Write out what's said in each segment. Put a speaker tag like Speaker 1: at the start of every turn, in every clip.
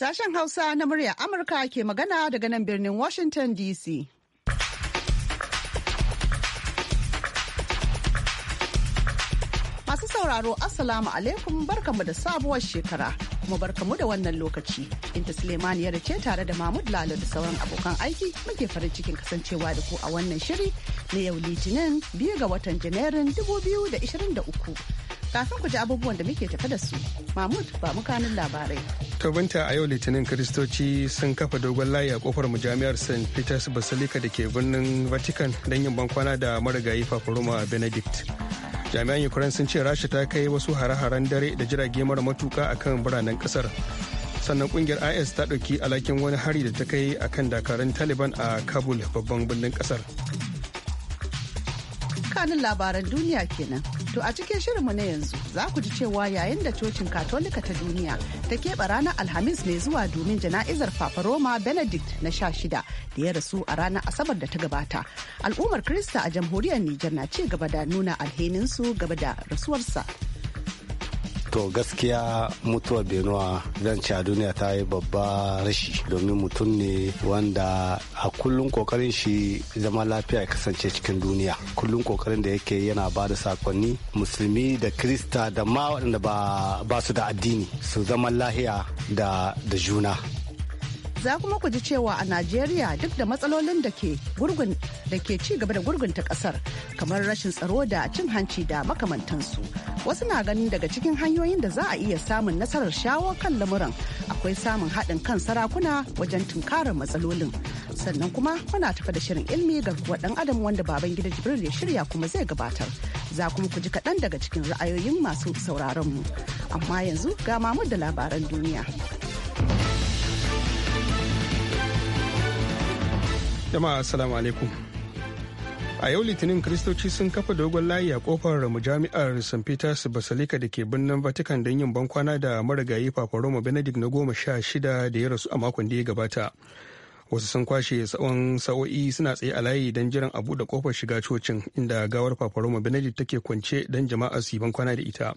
Speaker 1: Sashen Hausa na murya Amurka ke magana daga nan birnin Washington DC. Masu sauraro Assalamu alaikum barkamu da sabuwar shekara kuma barkamu da wannan lokaci. Inta ya ce tare da Mahmud Lalo da sauran abokan aiki muke farin cikin kasancewa da ku a wannan shiri na yau Litinin biyu ga watan Janairun 2023. Kafin ku ji abubuwan da muke tafe da su, Mahmud ba mukanin labarai.
Speaker 2: Tobinta a yau Litinin Kiristoci sun kafa dogon layi a kofar Jami'ar St. Peter's Basilica da ke birnin Vatican don yin bankwana da marigayi Papa Roma Benedict. Jami'an Ukraine sun ce Rasha ta kai wasu hare-haren dare da jirage mara matuka a kan biranen kasar. sannan kungiyar is ta ɗauki alhakin wani hari da ta kai a kan dakarun taliban a kabul babban birnin kasar
Speaker 1: kanin labaran duniya kenan To a cikin mu na yanzu za ku ji cewa yayin da cocin katolika ta duniya ta keɓe ranar Alhamis mai zuwa domin jana'izar Papa Roma Benedict na sha shida da ya rasu a ranar Asabar da ta gabata. Al'ummar Krista a jamhuriyar Nijar na ci gaba da nuna alheninsu gaba da rasuwarsa.
Speaker 3: to gaskiya mutuwar benuwa zan ci a duniya ta yi babba rashi domin mutum ne wanda a kullum kokarin shi zama lafiya ya kasance cikin duniya kullum kokarin da yake yana ba da sakonni musulmi da krista da ma waɗanda ba su da addini su zama lahiya da juna
Speaker 1: za kuma ku ji cewa a Najeriya duk da matsalolin da ke ci gaba da gurgunta kasar kamar rashin tsaro da cin hanci da makamantansu. Wasu na ganin daga cikin hanyoyin da za a iya samun nasarar shawo kan lamuran akwai samun haɗin kan sarakuna wajen tunkarar matsalolin. Sannan kuma muna tafa da shirin ilmi garkuwa ɗan adam wanda baban gida Jibril ya shirya kuma zai gabatar. Za kuma ku ji kaɗan daga cikin ra'ayoyin masu sauraron mu. Amma yanzu ga mamu da labaran duniya.
Speaker 2: Jama'a assalamu alaikum. A yau Litinin Kiristoci sun kafa dogon layi a kofar mujami'ar St. Peter's Basilica da ke birnin Vatican don yin bankwana da marigayi Papa Roma Benedict na goma sha shida da ya rasu a makon da ya gabata. Wasu sun kwashe tsawon sa'o'i suna tsaye a layi don jiran a buɗe kofar shiga cocin inda gawar Papa Roma Benedict take kwance don jama'a su yi bankwana da ita.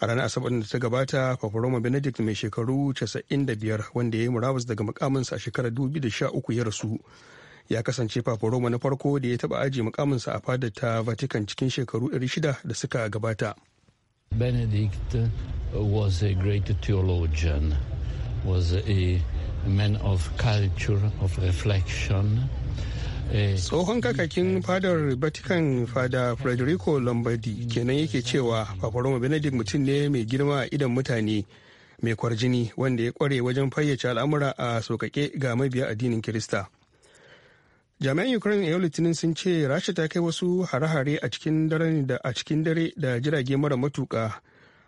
Speaker 2: a ranar asabar da ta gabata Roma benedict mai shekaru casa'in da biyar wanda ya yi murabus daga mukaminsa a shekarar 2013 ya rasu ya kasance roma na farko da ya taba aji mukaminsa a fadar ta vatican cikin shekaru 600 da suka gabata
Speaker 4: benedict was a great theologian was a man of culture of reflection
Speaker 2: tsohon kakakin fadar vatican fada frederico lombardi kenan yake cewa roma benedict mutum ne mai girma a idan mutane mai kwarjini wanda ya kware wajen fayyace al'amura a sokake ga mabiya addinin kirista jami'an ukraine yau litinin sun ce rasha ta kai wasu hare-hare a cikin dare da a cikin dare da jirage mara matuka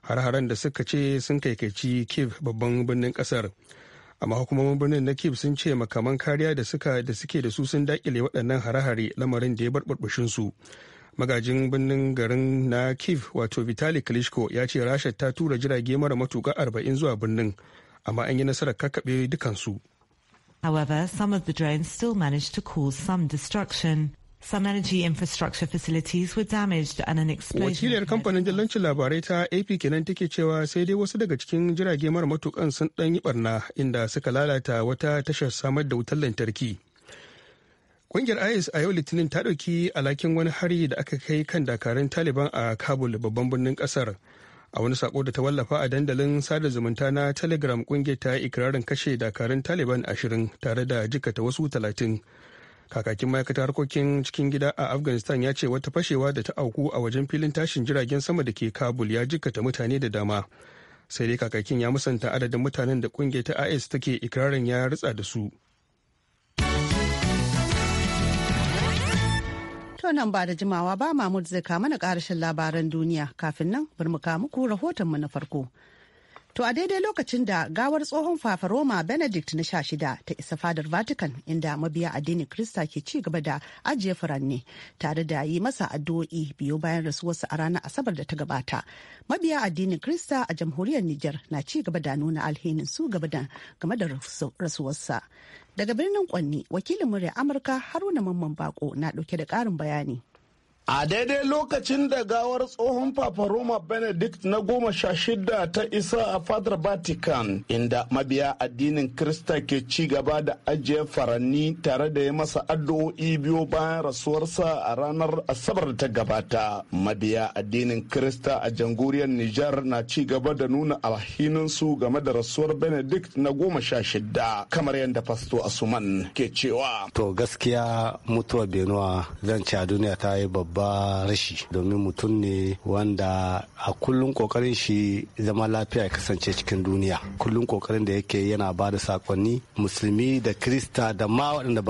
Speaker 2: hare-haren da suka ce sun kaikaici kiev babban birnin kasar amma hukumomin birnin na kiev sun ce makaman kariya da suka da suke da su sun dakile waɗannan hare-hare lamarin da ya bar su magajin birnin garin na kiev wato vitali klitschko ya ce rasha ta tura jirage mara matuka arba'in zuwa birnin amma an yi nasarar kakkaɓe dukansu
Speaker 1: However, some of the drones still managed to cause some destruction. Some energy infrastructure facilities were damaged and an explosion.
Speaker 2: Wakiliyar kamfanin dillancin labarai ta AP kenan take cewa sai dai wasu daga cikin jirage mara matukan sun dan yi barna inda suka lalata wata tashar samar da wutar lantarki. Kungiyar IS a yau Litinin ta ɗauki alakin wani hari da aka kai kan dakarun Taliban a Kabul babban birnin ƙasar. a wani sako da ta wallafa a dandalin sada zumunta na telegram kungiyar ta yi ikirarin kashe dakarun taliban ashirin tare da jikata wasu talatin kakakin ma'aikatar harkokin cikin gida a afghanistan ya ce wata fashewa da ta auku a wajen filin tashin jiragen sama da ke kabul ya jikata mutane da dama sai dai kakakin ya musanta adadin mutanen da kungiyar ta is take ikirarin ya ritsa da su
Speaker 1: To nan ba da jimawa ba Mahmud zai kama na karashin labaran duniya kafin nan bari mu rahoton mu na farko. To a daidai lokacin da gawar tsohon fafaroma Benedict na sha shida ta isa fadar Vatican inda mabiya addinin Krista ke ci gaba da ajiye furanni tare da yi masa addu'o'i biyu bayan rasuwarsa a ranar Asabar da ta gabata. Mabiya addinin Krista a jamhuriyar niger na ci gaba da nuna alhinin su game da rasuwarsa. Daga birnin Kwanni, wakilin murya Amurka Haruna Mamman Bako na dauke da karin bayani.
Speaker 5: A daidai lokacin da gawar tsohon Papa Roma Benedict na goma sha shida ta isa a fadar Vatican inda mabiya addinin Krista ke ci gaba da ajiye faranni tare da ya masa addu'o'i biyu bayan rasuwarsa a ranar Asabar da ta gabata. Mabiya addinin Krista a janguriyar Nijar na ci gaba da nuna alhininsu game da rasuwar Benedict na goma sha shida kamar yadda Fasto Asuman ke cewa. To gaskiya
Speaker 3: mutuwa Benuwa zan ci a duniya ta yi babba babba rashi domin mutum ne wanda a kullum kokarin shi zama lafiya ya kasance cikin duniya kullum kokarin da yake yana ba da sakonni musulmi da krista da ma waɗanda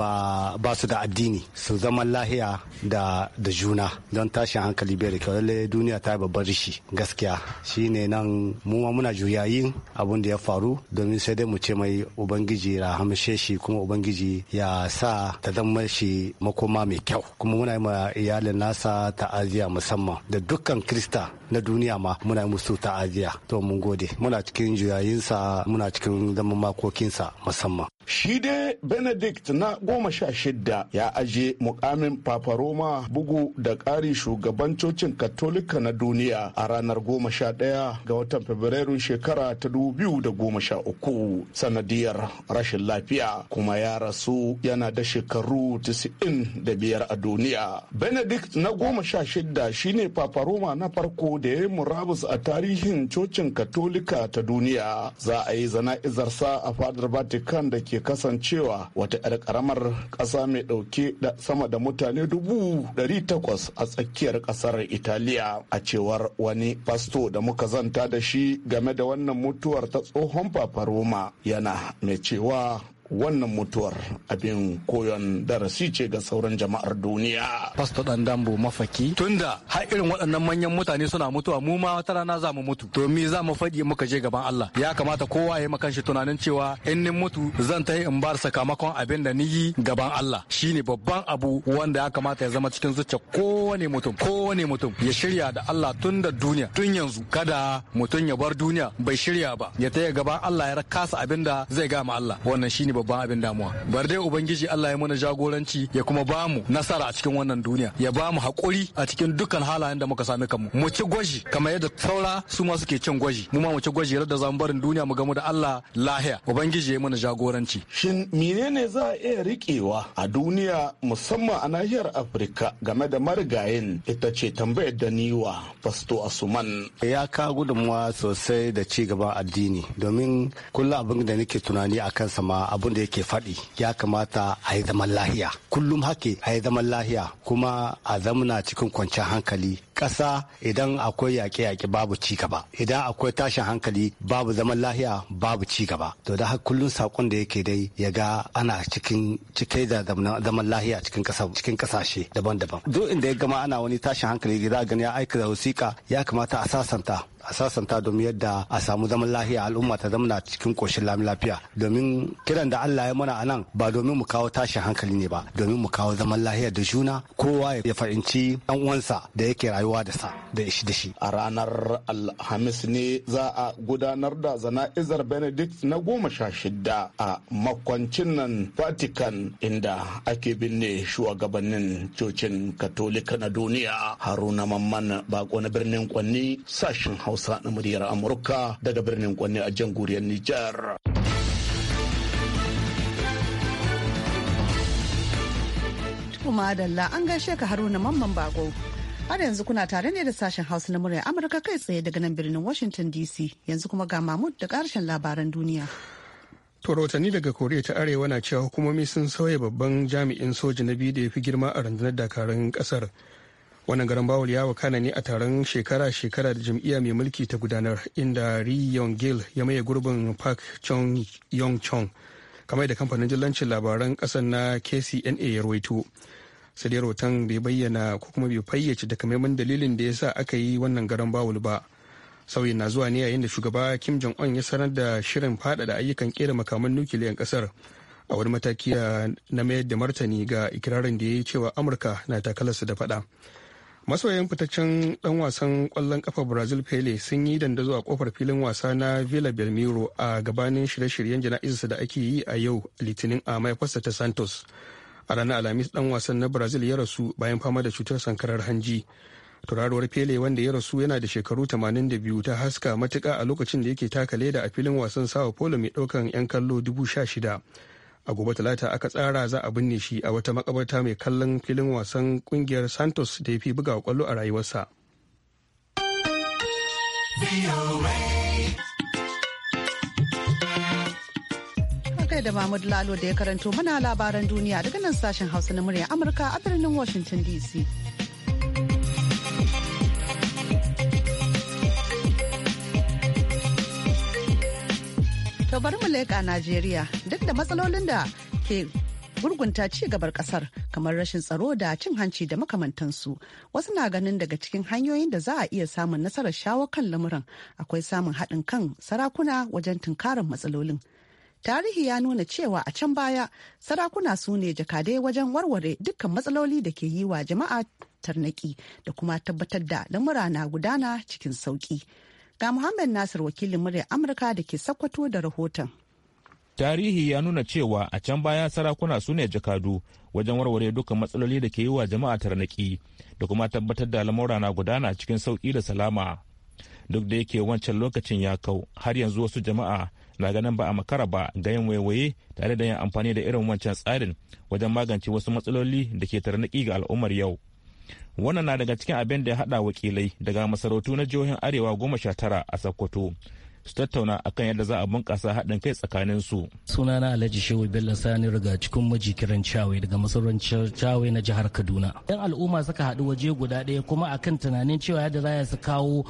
Speaker 3: ba su da addini su zama lahiya da juna don tashin hankali bai da kyau lalle duniya ta yi babban rashi gaskiya shine nan mu ma muna juyayin abin da ya faru domin sai dai mu ce mai ubangiji rahamshe shi kuma ubangiji ya sa ta zama shi makoma mai kyau kuma muna yi ma iyalin na nasa ta'aziya musamman da dukkan krista na duniya ma muna musu ta'aziya to mun gode muna cikin juyayinsa muna cikin zaman makokinsa musamman
Speaker 5: Shi dai Benedict na goma sha shidda ya aje mukamin Roma bugu da ƙari shugaban cocin katolika na duniya a ranar goma sha ɗaya ga watan Fabrairun shekara ta dubu da goma sha uku sanadiyar rashin lafiya kuma ya rasu yana da shekaru da biyar a duniya. Benedict na goma sha shidda shine Roma na farko da ya yi murabus a tarihin cocin katolika ta duniya. Za a yi zana'izarsa a fadar Vatican da ke ke kasancewa wata 'yar karamar ƙasa mai ɗauke da sama da mutane dubu ɗari takwas a tsakiyar ƙasar italiya a cewar wani fasto da muka zanta da shi game da wannan mutuwar ta tsohon fafaroma yana mai cewa wannan mutuwar abin koyon darasi ce ga sauran jama'ar duniya. Pastor Dan Dambo mafaki tunda
Speaker 6: har irin waɗannan manyan mutane suna mutuwa mu ma wata rana za mu mutu to me za mu faɗi muka je gaban Allah ya kamata kowa ya makan shi tunanin cewa in ni mutu zan ta yi in bar sakamakon abin da ni yi gaban Allah shine babban abu wanda ya kamata ya zama cikin zuciya kowane mutum kowane mutum ya shirya da Allah tun da duniya tun yanzu kada mutum ya bar duniya bai shirya ba ya ta gaban Allah ya kasa abin da zai gama Allah wannan shine babban abin damuwa bar dai ubangiji Allah ya mana jagoranci ya kuma ba mu nasara a cikin wannan duniya ya ba mu haƙuri a cikin dukkan halayen da muka sami kanmu mu ci gwaji kamar yadda saura su ma suke cin gwaji mu ma mu ci gwaji yadda zamu barin duniya mu gamu da Allah
Speaker 5: lahiya ubangiji ya mana jagoranci shin menene za a iya riƙewa a duniya musamman a nahiyar Afirka game da marigayin ita ce tambayar da niwa Fasto Asuman ya ka gudunmuwa sosai da ci gaban addini domin kullum
Speaker 3: abin da nake tunani akan sama abu abin da yake faɗi ya kamata a yi zaman lahiya kullum hake a yi zaman lahiya kuma a zamana cikin kwanciyar hankali ƙasa idan akwai yaƙe-yaƙe babu ci gaba idan akwai tashin hankali babu zaman lahiya babu ci gaba to da haka kullum saƙon da yake dai ya ga ana cikin cikai da zaman lahiya cikin ƙasa cikin ƙasashe daban-daban duk inda ya gama ana wani tashin hankali za a gani ya aika da wasiƙa ya kamata a sasanta a sasanta domin yadda a samu zaman lafiya al'umma ta zamana cikin koshin lami lafiya domin kiran da Allah ya mana anan ba domin mu kawo tashin hankali ne ba domin mu kawo zaman lafiya da juna kowa ya fahimci dan uwansa da yake rayuwa da sa da shi da
Speaker 5: shi a ranar alhamis ne za a gudanar da zana'izar benedict na goma sha shida a makwancin nan vatican inda ake binne shugabannin cocin katolika na duniya haruna mamman bako na birnin kwanni sashen Hausa na muryar Amurka daga birnin Kwanne a jamhuriyar Nijar.
Speaker 1: tukuma Adalla an gaishe ka Haruna Mamman Bago. Har yanzu kuna tare ne da sashen Hausa na muryar Amurka kai tsaye daga nan birnin Washington DC. Yanzu kuma ga Mahmud da ƙarshen labaran duniya.
Speaker 2: rahotanni daga koriya ta arewa na cewa hukumomi sun sauya babban jami'in soja na biyu da ya fi girma a rundunar dakarun kasar wannan garin bawul ya wakana ne a taron shekara-shekara da jam'iyya mai mulki ta gudanar inda ri yong gil ya maye gurbin park chong yong chong kamar da kamfanin jillancin labaran kasan na kcna ya rawaito sai dai rotan bai bayyana ko kuma bai fayyace kamaimin dalilin da ya sa aka yi wannan garin bawul ba sauyin na zuwa ne yayin da shugaba kim jong un ya sanar da shirin faɗaɗa ayyukan kera makaman nukiliyan kasar a wani mataki eh, na mayar da martani ga ikirarin da ya yi cewa amurka na takalarsa da faɗa. masoyan fitaccen dan wasan kwallon kafa brazil pele sun yi dandazo a kofar filin wasa na villa belmiro a gabanin shirye-shiryen jana'izarsa da ake yi a yau litinin a mahaifarsa ta santos a ranar alhamis dan wasan na brazil ya rasu bayan fama da cutar sankarar hanji turaruwar pele wanda ya rasu yana da shekaru 82 ta haska matuka a lokacin da yake taka leda a filin wasan sao paulo mai daukan 'yan kallo 16 a gobe talata aka tsara za a binne shi a wata makabarta mai kallon filin wasan kungiyar santos da ya fi buga kwallo a rayuwarsa
Speaker 1: da Mahmud Lalo da ya karanto mana labaran duniya daga nan sashen Hausa na murya Amurka a birnin Washington DC. bari mu leƙa Najeriya duk da matsalolin da ke gurgunta ci gabar kasar kamar rashin tsaro da cin hanci da makamantansu wasu na ganin daga cikin hanyoyin da za a iya samun nasarar shawo kan lamuran akwai samun haɗin kan sarakuna wajen tunkarar matsalolin tarihi ya nuna cewa a can baya sarakuna su ne jakadai wajen warware dukkan matsaloli da ke yi wa jama'a tarnaki da kuma tabbatar da lamura na gudana cikin sauƙi. Ga Muhammad Nasir wakilin muryar Amurka da ke sakwato da rahoton.
Speaker 7: Tarihi ya nuna cewa a can baya sarakuna su ne jakadu wajen warware dukkan matsaloli da ke yi wa jama'a tarnaki da kuma tabbatar da lamura na gudana cikin sauki da salama. Duk da yake wancan lokacin ya kau har yanzu wasu jama'a na ganin ba a makara ba ga yin waiwaye tare da yin amfani da irin wancan tsarin wajen magance wasu matsaloli da ke tarnaki ga al'ummar yau. wannan na daga cikin abin da ya hada wakilai daga masarautu na jihohin arewa goma sha tara a sokoto su tattauna akan yadda za a bunkasa haɗin kai
Speaker 6: tsakanin su. Sunana Alhaji Shehu Bello Sani daga cikin majikiran Chawe daga masarautar Chawe na jihar Kaduna. Yan al'umma suka haɗu waje guda ɗaya kuma akan tunanin cewa yadda za su kawo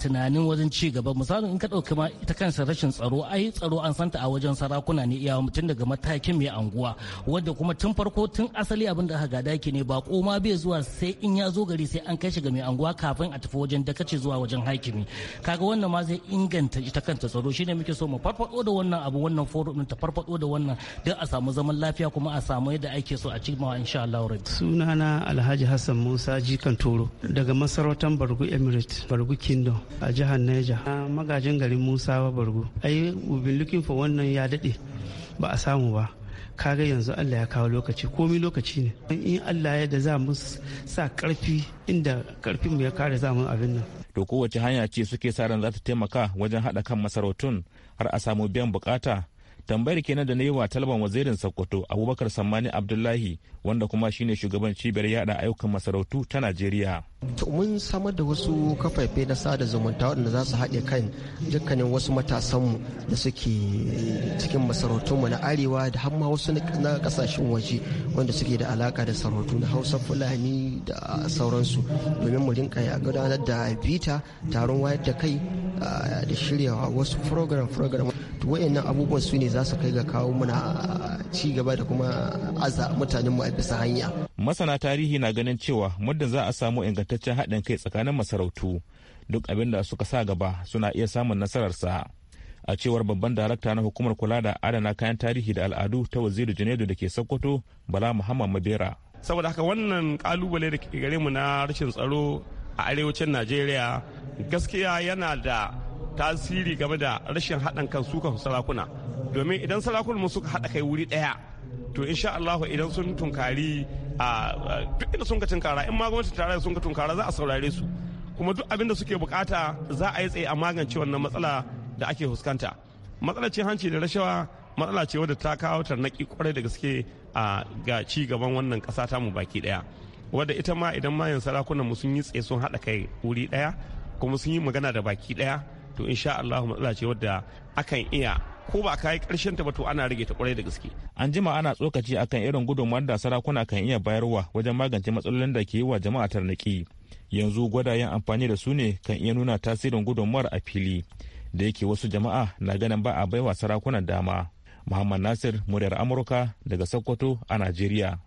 Speaker 6: tunanin wajen ci gaba misali in ka ɗauki ma ita kansa rashin tsaro ai tsaro an santa a wajen sarakuna ne iyawa mutum daga matakin mai anguwa wanda kuma tun farko tun asali abin da aka daki ne ba koma bai zuwa sai in ya zo gari sai an kai shi ga mai anguwa kafin a tafi wajen dakace zuwa wajen hakimi kaga wannan ma zai inganta ta ita kanta tsaro shine muke so mu farfado da wannan abu wannan forum ta farfado da wannan don a samu zaman lafiya kuma a samu yadda ake so a cikin
Speaker 8: insha Allah sunana Alhaji Hassan Musa Jikan Toro daga masarautar Bargu Emirate Bargu Kingdom a jihar Niger magajin garin Musa Bargu ai we been looking for wannan ya dade ba a samu ba kaga yanzu Allah ya kawo lokaci komai lokaci ne in Allah ya da za mu sa karfi inda karfin mu ya kare za mu abin nan
Speaker 7: to kowace hanya ce suke sa ran za ta taimaka wajen hada kan masarautun har a samu biyan bukata tambayar kenan da na yi wa talban wazirin sokoto abubakar sammani abdullahi wanda kuma shine shugaban cibiyar yada ayyukan masarautu ta najeriya
Speaker 9: mun samar da wasu kafafe na sada zumunta waɗanda za su haɗe kan dukkanin wasu matasanmu da suke cikin masarautunmu na arewa da hamma wasu na ƙasashen waje wanda suke da alaka da sarautu na hausa fulani da sauransu domin mu rinka gudanar da bita taron wayar da kai da shiryawa wasu program program wayannan abubuwan su ne za su kai ga kawo muna ci gaba da kuma aza mutanenmu a bisa hanya
Speaker 7: masana tarihi na ganin cewa muddin za a samu ingantaccen ingantaccen haɗin kai tsakanin masarautu duk abin da suka sa gaba suna iya samun nasararsa a cewar babban darakta na hukumar kula da adana kayan tarihi da al'adu ta waziri junaidu da ke sokoto bala muhammad mabera saboda haka wannan kalubale da ke gare mu na rashin tsaro a arewacin najeriya gaskiya yana da tasiri game da rashin haɗin kan sukan sarakuna domin idan sarakunan mu suka haɗa kai wuri ɗaya to insha allahu idan sun tunkari a duk inda sun ka tunkara in ma gwamnatin tare sun ka tunkara za a saurare su kuma duk abin da suke bukata za a yi tsaye a magance wannan matsala da ake fuskanta matsalar cin hanci da rashawa matsala ce wadda ta kawo tarnaki kwarai da gaske a ga ci gaban wannan kasa ta mu baki daya wadda ita ma idan mayan sarakunan mu sun yi tsaye sun haɗa kai wuri daya kuma sun yi magana da baki daya to insha Allah matsala ce wadda akan iya ko ba kai karshen ta ba to ana rage ta kwarai da gaske an jima ana tsokaci akan irin gudunmawar da sarakuna kan iya bayarwa wajen magance matsalolin da ke yi wa jama'a tarnaki yanzu gwadayen amfani da su ne kan iya nuna tasirin gudunmawar a fili da yake wasu jama'a na ganin ba a baiwa sarakunan dama muhammad nasir muryar amurka daga sokoto a najeriya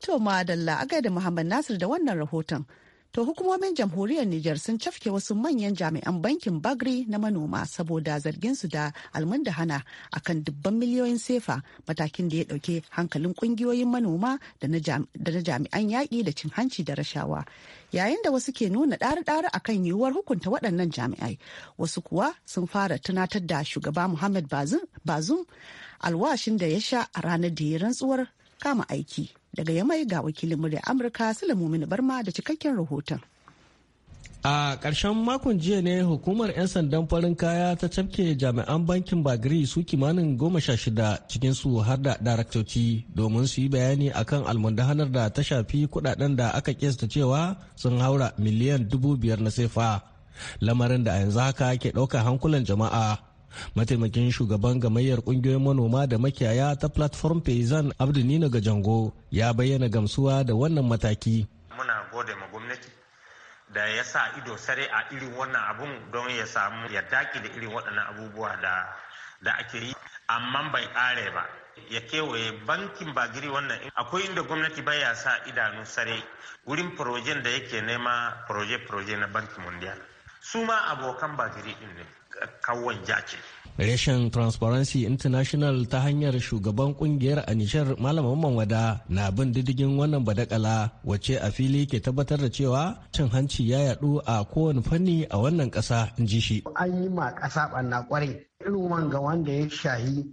Speaker 1: to madalla a gaida muhammad nasir da wannan rahoton to hukumomin jamhuriyar Nijar sun cafke wasu manyan jami'an bankin Bagri na manoma saboda zargin su da almundahana akan dubban miliyoyin sefa matakin da ya dauke hankalin kungiyoyin manoma da na jami'an yaƙi da cin hanci da rashawa. Yayin da wasu ke nuna ɗari-ɗari akan yiwuwar hukunta waɗannan jami'ai, wasu kuwa sun fara tunatar da shugaba Muhammad Bazum alwashin da ya sha a ranar da ya rantsuwar kama aiki. daga yamai ga wakilin murya amurka mumin barma da cikakken rahoton
Speaker 6: a ƙarshen makon jiya ne hukumar 'yan sandan farin kaya ta cafke jami'an bankin bagri su kimanin goma sha shida cikin su har da daraktoci domin su yi bayani akan almundahanar da ta shafi kudaden da aka kesta cewa sun haura miliyan dubu biyar na sefa lamarin da a yanzu haka ke ɗaukar hankulan jama'a mataimakin shugaban gamayyar kungiyoyin manoma da makiyaya ta platform paysan abdu nino gajango ya bayyana gamsuwa da wannan mataki
Speaker 3: muna gode ma gwamnati da ya sa
Speaker 7: ido sare a irin wannan abun don ya samu ya daki da irin waɗannan abubuwa da ake yi amma bai ƙare ba ya kewaye bankin bagiri wannan akwai inda gwamnati baya sa idanu sare wurin projen da yake nema proje-proje na bankin mundial su ma abokan bagiri din ne kawon jace.
Speaker 6: Reshen Transparency International ta hanyar shugaban kungiyar a nishar Malaman Wada na bin diddigin wannan badakala wacce a fili ke tabbatar da cewa cin hanci ya yadu a kowane fanni a wannan kasa in ji shi.
Speaker 9: An yi ma kasa ɓanna ƙwarai irin wanga wanda ya shahi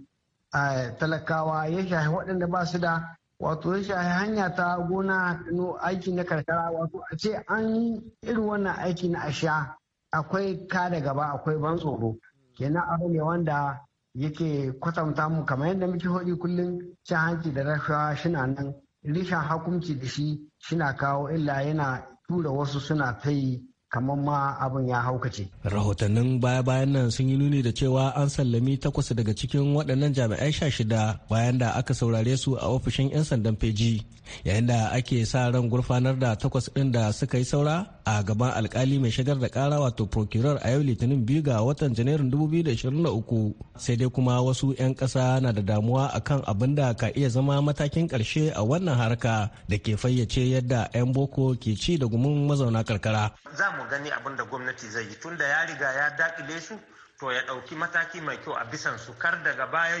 Speaker 9: talakawa ya shahi waɗanda ba su da wato ya shahi hanya ta gona aiki na karkara wato a ce an yi irin wannan aiki na asha akwai ka da gaba akwai ban tsoro kenan abu ne wanda yake kwatanta mu kamar yadda muke hodi kullum cin hanci da rashawa shina nan rishin hakunci da shi shina kawo illa yana tura wasu suna ta yi kamar ma abin ya haukace.
Speaker 6: Rahotannin baya-bayan nan sun yi nuni da cewa an sallami takwas daga cikin waɗannan jami'ai sha shida bayan da aka saurare su a ofishin 'yan sandan feji yayin da ake sa ran gurfanar da takwas ɗin da suka yi saura a gaban alkali mai shigar da kara wato procurer a yau litinin biyu ga watan janairun 2023 sai dai kuma wasu 'yan ƙasa na da damuwa akan abin da ka iya zama matakin ƙarshe a wannan harka da ke fayyace yadda 'yan boko ke ci da gumin mazauna karkara. mu
Speaker 7: gani abin da gwamnati zai yi tunda ya riga ya dakile su to ya ɗauki mataki mai kyau a bisan su kar daga baya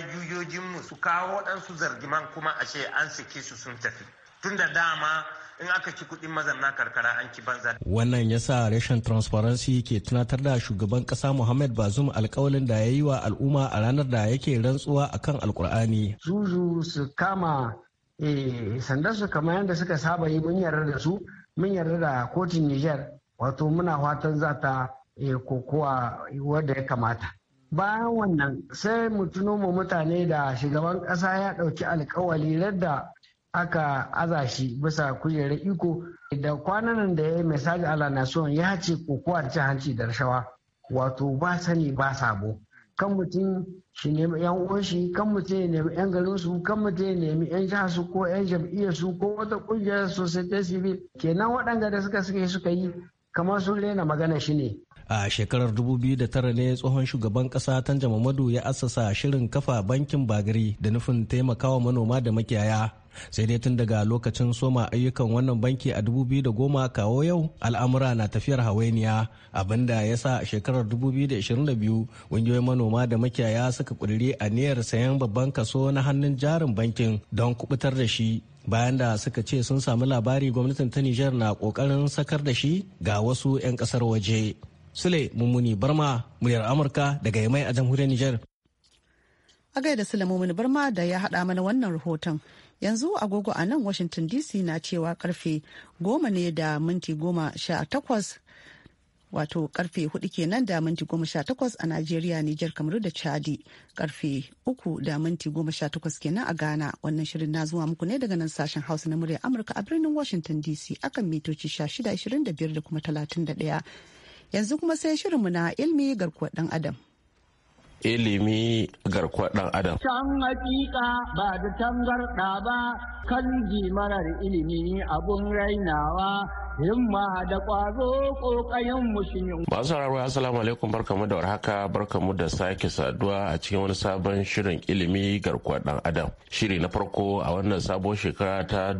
Speaker 7: mu su kawo waɗansu zargiman kuma a ashe an sake su sun tafi tunda dama in aka ci kuɗin mazamna karkara an ci banza.
Speaker 6: Wannan yasa sa rashin transparency ke tunatar da shugaban ƙasa Muhammad Bazum alƙawalin da ya yi wa al'umma a ranar da yake rantsuwa akan alkur'ani
Speaker 9: Zuzu su kama eh, sanda su kamar yadda suka saba yi mun yarda da su mun yarda da kotun Nijar wato muna fatan za ta eh, kokowa wadda ya kamata bayan wannan sai mu tuno mu mutane da shugaban ƙasa ya ɗauki alkawali yadda aka aza shi bisa kujerar iko da kwanan da ya yi misali ala nasuwan ya ce kokowa da hanci da rashawa wato ba sani ba sabo kan mutum shi nemi yan uwanshi kan mutum ya nemi yan garin su kan mutum ya nemi yan jiha su ko yan jam'iyyar su ko wata kungiyar sosai civil kenan waɗanda da suka suka yi suka yi kamar sun rena magana shi ne
Speaker 6: a shekarar 2009 ne tsohon shugaban kasa tanja mamadu ya assasa shirin kafa bankin bagari da nufin taimakawa manoma da makiyaya sai dai tun daga lokacin soma ayyukan wannan banki a 2010 kawo yau al'amura na tafiyar hawainiya abinda ya sa a shekarar 2022 ƙungiyoyin manoma da makiyaya suka a niyyar sayan babban kaso na hannun jarin bankin don kubutar da shi bayan da suka ce sun sami labari gwamnatin ta Nijar na kokarin sakar da shi ga wasu 'yan kasar waje. Sule Mummuni Barma, muryar Amurka daga Yamai a jamhuriyar Nijar.
Speaker 1: A gaida Sule Mummuni Barma da ya haɗa mana wannan rahoton. Yanzu agogo a nan Washington DC na cewa karfe goma ne da minti goma sha takwas wato karfe 4 kenan da minti takwas a Najeriya, niger Kamaru da Chadi, karfe 3 da minti takwas kenan a Ghana. Wannan shirin na zuwa muku ne daga nan sashen Hausa na muryar Amurka a birnin Washington DC akan mitoci 1625 da kuma 31. Yanzu kuma sai shirinmu na ilmi garkuwar dan Adam.
Speaker 4: ilimi garkuwar dan adam.
Speaker 9: Can hakika ba da tangarɗa ba kan marar ilimi abun rainawa himma da ƙwazo ƙoƙayen mushinin.
Speaker 4: Masu sauraro assalamu alaikum barkamu da warhaka barkamu da sake saduwa a cikin wani sabon shirin ilimi garkuwar dan adam. Shiri na farko a wannan sabon shekara ta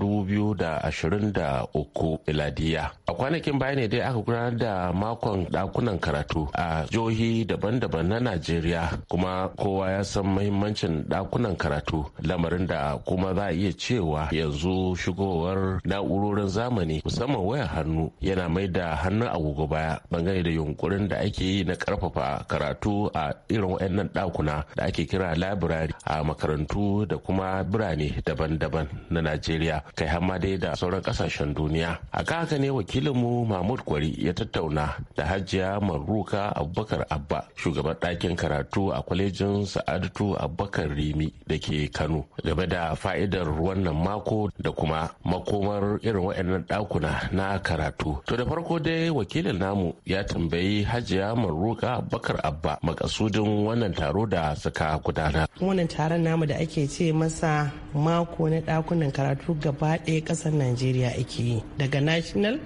Speaker 4: uku miladiya. A kwanakin baya ne dai aka gudanar da makon ɗakunan karatu a jihohi daban-daban na Najeriya kuma kowa ya san mahimmancin dakunan karatu lamarin da kuma za a iya cewa yanzu shigowar na'urorin zamani musamman wayar hannu yana mai da hannun agogo baya bangare da yunkurin da ake yi na karfafa karatu a irin wayannan dakuna da ake kira labirari a makarantu da kuma birane daban-daban na najeriya kai hamma dai da sauran kasashen duniya a haka ne wakilinmu mahmud kwari ya tattauna da hajiya maruka abubakar abba shugaban ɗakin karatu Adatu a kwalejin sa'adatu abubakar rimi da ke kano game da fa'idar wannan mako da kuma makomar irin waɗannan ɗakuna na karatu to da farko dai wakilin namu ya tambayi hajiya maruka abubakar abba makasudin wannan taro da suka gudana
Speaker 8: wannan taron namu da ake ce masa mako na ɗakunan karatu gaba ɗaya ƙasar najeriya ake yi daga national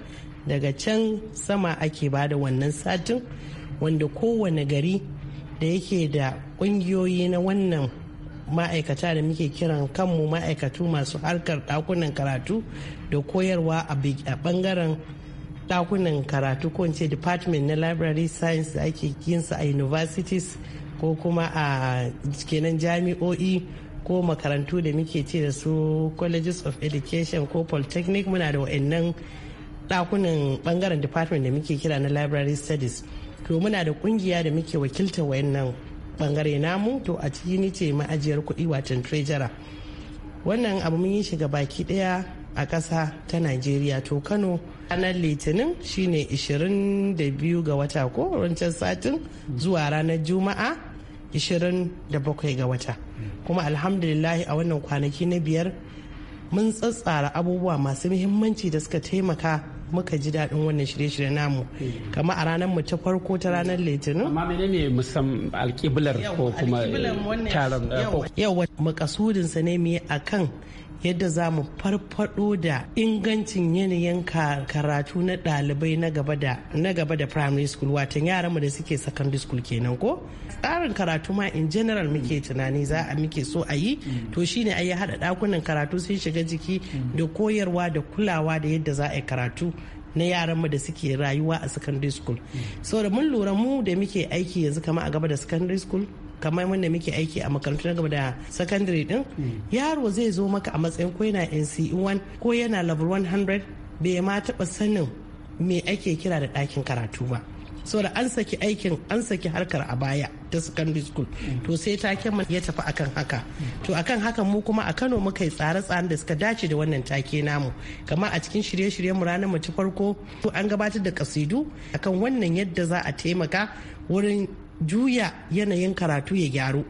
Speaker 8: daga can sama ake bada wannan satin wanda kowane gari da yake da ƙungiyoyi na wannan ma'aikata da muke kiran kanmu ma'aikatu masu harkar ɗakunan karatu da koyarwa a bangaren ɗakunan karatu ko ce department na library science da ake yinsa a universities ko kuma a kenan jami'o'i ko makarantu da muke ce da su colleges of education ko polytechnic muna da wa'annan ɗakunan bangaren department da muke kira na library studies. to muna da kungiya da muke wakiltar wayannan bangare namu to a ciki ni ce ma'ajiyar kuɗi watan trejara wannan abu mun yi shiga baki ɗaya a ƙasa ta najeriya to kano ranar litinin shine 22 ga wata ko Rancen satin zuwa ranar juma'a 27 ga wata kuma alhamdulillah a wannan kwanaki na biyar mun tsatsara abubuwa masu muhimmanci da suka taimaka muka ji daɗin wannan shirye-shirye namu kama a ranar mu ta farko ta ranar litinin amma
Speaker 4: menene musam alƙiblar ko kuma
Speaker 8: taron eh, yawa makasudinsa ne mu yi akan yadda za mu farfado da ingancin yanayin karatu na dalibai na gaba da primary school watan mu da suke secondary school kenan ko tsarin karatu ma in general muke tunani za a muke so a yi to shine a yi haɗa ɗakunan karatu sun shiga jiki da koyarwa da kulawa da yadda za a yi karatu na yaranmu da suke rayuwa a secondary school so da mun lura mu da muke aiki yanzu kama a gaba da secondary school kamar wanda muke aiki a makarantu na gaba da secondary din hmm. yaro zai zo maka a matsayin ko yana nc1 ko yana level 100 bai ma taba sanin me ake kira da ɗakin karatu ba saboda an saki aikin an saki harkar a baya ta secondary school hmm. to sai taken ya tafi akan haka to akan haka mu kuma a Kano muka yi tsare-tsaren da suka dace da wannan take namu kamar a cikin shirye-shiryen mu ranar mu ta farko an gabatar da kasidu akan wannan yadda za a taimaka wurin juya yanayin karatu ya gyaru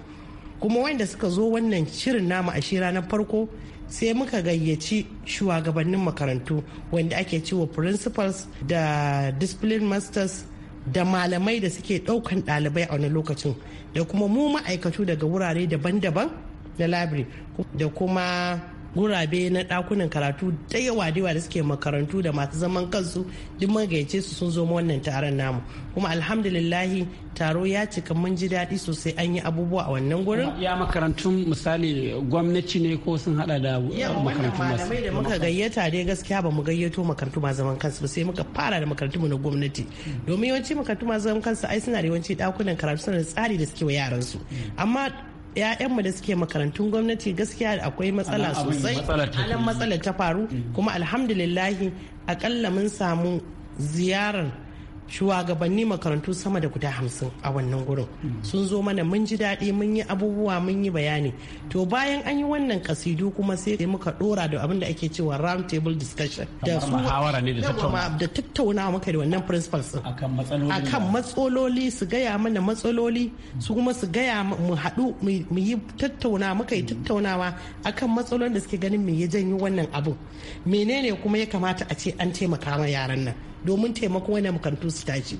Speaker 8: kuma wanda suka zo wannan shirin namu a shi ranar farko sai muka gayyaci shugabannin makarantu wanda ake cewa principals da discipline masters da malamai da suke daukan dalibai a wani lokacin da kuma mu ma'aikatu daga wurare daban-daban na library da kuma gurabe na dakunan karatu da yawa da da suke makarantu da masu zaman kansu duk mun su sun zo wannan taron namu kuma alhamdulillahi taro ya cika mun ji daɗi sosai an yi abubuwa a wannan gurin ya makarantun misali gwamnati ne ko sun hada da makarantu masu malamai da muka gayyata dai gaskiya ba mu gayyato makarantu ma zaman kansu ba sai muka fara da makarantu na gwamnati domin yawanci makarantu ma zaman kansu ai suna da yawanci dakunan karatu suna da tsari da suke wa yaran su mm. amma 'ya'yanmu da suke makarantun gwamnati gaskiya akwai matsala sosai anan matsala ta faru mm. kuma alhamdulillahi akalla mun samu ziyarar shugabanni makarantu sama da guda hamsin a wannan gurin sun zo mana mun ji daɗi mun yi abubuwa mun yi bayani to bayan an yi wannan kasidu kuma sai muka dora da abin da ake cewa round table discussion da su da tattauna muka da wannan principals akan matsaloli su gaya mana matsaloli su kuma su gaya mu haɗu mu yi tattauna muka yi tattaunawa akan matsalolin da suke ganin me ya janyo wannan abu menene kuma ya kamata a ce an taimaka ma yaran nan domin taimako wani makarantu su tashi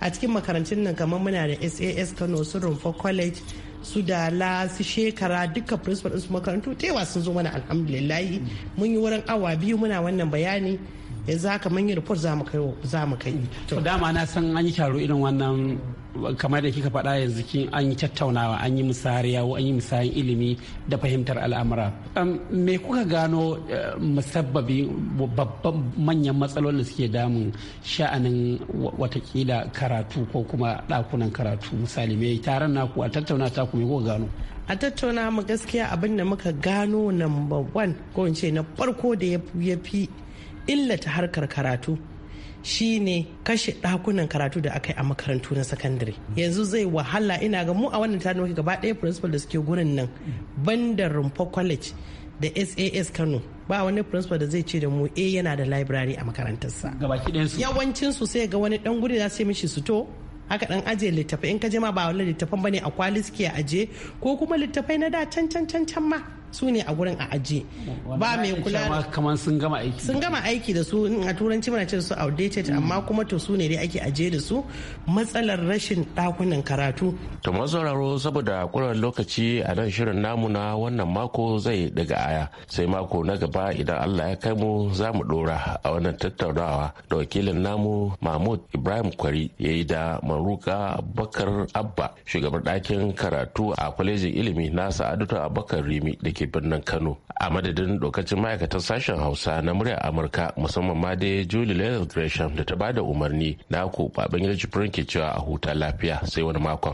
Speaker 8: a cikin makarantun nan kamar muna da sas kano su rumfa college su dala su shekara duka principal su makarantu tewa sun zo mana alhamdulillahi mun yi wurin awa biyu muna wannan bayani yanzu za ka manyan report za mu kai za mu kai
Speaker 4: to dama na san an yi taro irin wannan kamar da kika faɗa yanzu kin an yi tattaunawa an yi misariya an yi misayin ilimi da fahimtar al'amura me kuka gano eh, musabbabi babban manyan matsalolin suke damun sha'anin watakila karatu ko kuma ɗakunan karatu misali me taron naku a tattauna ta me kuka gano
Speaker 8: a tattauna mu gaskiya abin da muka gano number one ko in ce na farko da ya fi illata harkar karatu shine kashe ɗakunan karatu da aka yi a makarantu na sakandare yanzu zai wahala ina ga mu a wannan tarihi gaba ɗaya principal da suke gurin nan bandar rumfa college da sas kano ba wani principal da zai ce da mu eh yana da library a makarantarsa yawancin su sai ga wani ɗan guri za su mishi su to haka dan ajiye littafai in ka je ma ba wani littafan bane a kwali suke aje ko kuma littafai na da can can can can ma su ne a gurin a aje
Speaker 4: ba mai kula kamar sun
Speaker 8: gama aiki sun gama aiki da su a turanci mana ce su outdated hmm. amma kuma to su ne dai ake aje da su matsalar rashin dakunan karatu
Speaker 4: to sauraro saboda kuran lokaci a nan shirin namu na wannan mako zai daga aya sai mako na gaba idan Allah ya kai mu za mu dora a wannan tattaunawa da wakilin namu Mahmud Ibrahim Kwari ya yi da Maruka Abubakar Abba shugaban ɗakin karatu a kwalejin ilimi na Sa'adatu Abubakar Rimi da ke birnin kano a madadin dokacin ma'aikatan sashen hausa na muryar amurka musamman ma dai julie leonard gresham da ta bada umarni na ku baban gida ke cewa a huta lafiya sai wani makon.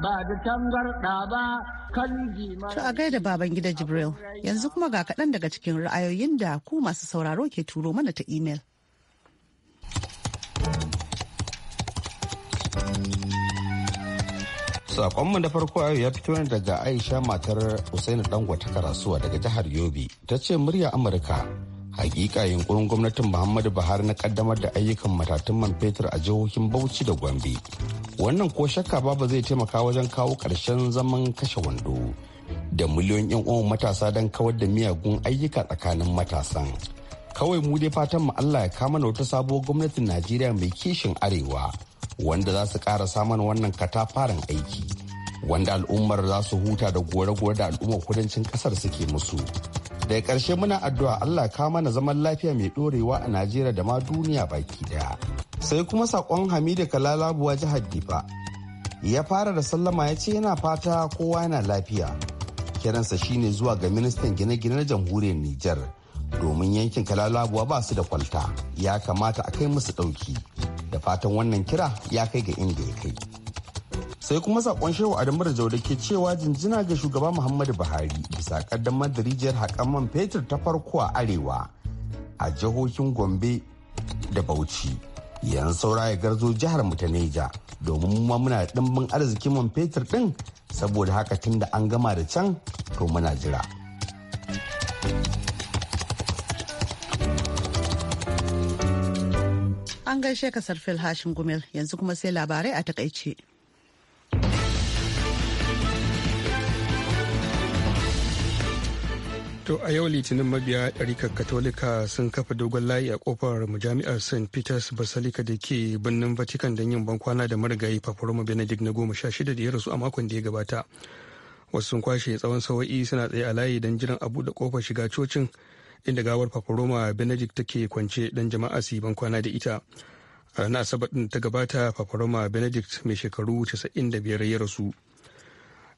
Speaker 1: ba da tangarda to a gaida baban gida jibril yanzu kuma ga kaɗan daga cikin ra'ayoyin da ku masu sauraro ke turo mana ta imel.
Speaker 10: Sakonmu na farko yau ya fito ne daga Aisha matar Usaini Dangwata Karasuwa daga jihar Yobe. Ta ce murya Amurka hakika yunkurin gwamnatin Muhammadu Buhari na kaddamar da ayyukan matatun man fetur a jihohin Bauchi da Gombe. Wannan ko shakka babu zai taimaka wajen kawo ƙarshen zaman kashe wando da miliyon 'yan uwan matasa don kawar da miyagun ayyuka tsakanin matasan. Kawai mu dai fatan mu Allah ya kama na wata sabuwar gwamnatin Najeriya mai kishin arewa. wanda za su ƙara samun wannan katafaren aiki wanda al'ummar za su huta da gore-gore da al'ummar kudancin ƙasar suke musu daga ƙarshe muna addu'a allah ka mana zaman lafiya mai ɗorewa a najeriya da ma duniya baki daya sai kuma saƙon hamida kalalabuwa jihar difa ya fara da sallama ya ce yana fata kowa yana lafiya kiransa shine zuwa ga ministan gine-gine na jamhuriyar Nijar domin yankin kalalabuwa ba su da kwalta ya kamata a kai musu ɗauki da fatan wannan kira ya kai ga inda ya kai sai kuma sakon shehu adamu da da ke cewa jinjina ga shugaba muhammadu buhari bisa kaddamar da rijiyar haƙan man fetur ta farko a arewa a jihohin gombe da bauchi yan saura ya garzo jihar mu ta neja domin ma muna da ɗimbin arzikin man fetur ɗin saboda haka tun da an gama da can to muna jira
Speaker 1: An gaishe ka Sarfil Hashin Gumel yanzu kuma sai labarai a takaice.
Speaker 2: To a yau litinin mabiya ɗarikar Katolika sun kafa dogon layi a kofar majami'ar St. Peter's Basilica da ke birnin Vatican don yin bankwana da marigayi Paparoma Benedict na goma sha shida da ya rasu a makon da ya gabata. Wasu sun kwashe tsawon sawa'i suna tsaye a layi don jiran abu da kofar shiga cocin. inda gawar paparoma benedict take kwance dan jama'a su ban kwana da ita a ranar asabar din ta gabata paparoma benedict mai shekaru 95 ya rasu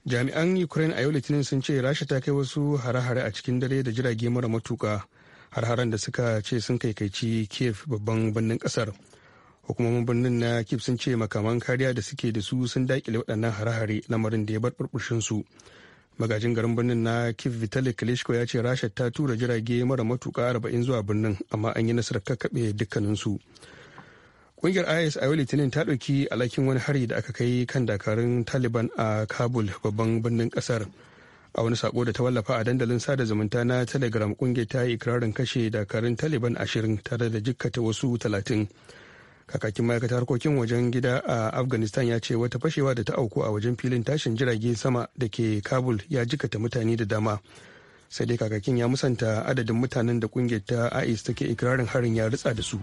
Speaker 2: jami'an ukraine a yau litinin sun ce rasha ta kai wasu hare-hare a cikin dare da jirage mara matuka har-haren da suka ce sun kaikaici kiev babban birnin kasar hukumomin birnin na kiev sun ce makaman kariya da suke da su sun dakile waɗannan hare-hare lamarin da ya bar burbushin su magajin garin birnin na kiv vitali klishko ya ce rasha ta tura jirage mara matuka 40 zuwa birnin amma an yi nasarar kakkaɓe dukkaninsu kungiyar is a yau litinin ta ɗauki alhakin wani hari da aka kai kan dakarun taliban a kabul babban birnin ƙasar a wani sako da ta wallafa a dandalin sada zumunta na telegram ƙungiyar ta yi ikirarin kashe dakarun taliban ashirin tare da jikkata wasu talatin kakakin ma'aikatar harkokin wajen gida a afghanistan ya ce wata fashewa da ta auku a wajen filin tashin jirage sama da ke kabul ya jikata mutane da dama sai dai kakakin ya musanta adadin mutanen da kungiyar ta ais take ikirarin harin ya ritsa da su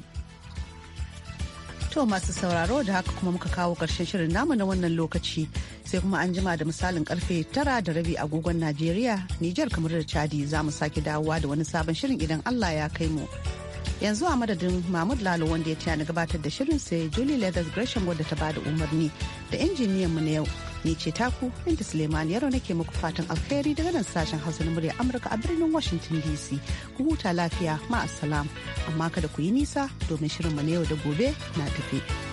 Speaker 1: To masu sauraro da haka kuma muka kawo karshen shirin namu na wannan lokaci sai kuma an jima da misalin karfe tara da rabi agogon Najeriya, Nijar kamar da Chadi za mu sake dawowa da wani sabon shirin idan Allah ya kai mu. yanzu a madadin mahmud lalo wanda ya ce na gabatar da shirin sai julie leathers gresham wadda ta bada umarni da injiniyan mu na yau ni ce taku inda suleiman yaro nake muku fatan alheri daga nan sashen hausa na murya amurka a birnin washington dc ku huta lafiya ma'asalam amma kada ku yi nisa domin shirin mu na yau da gobe na tafi.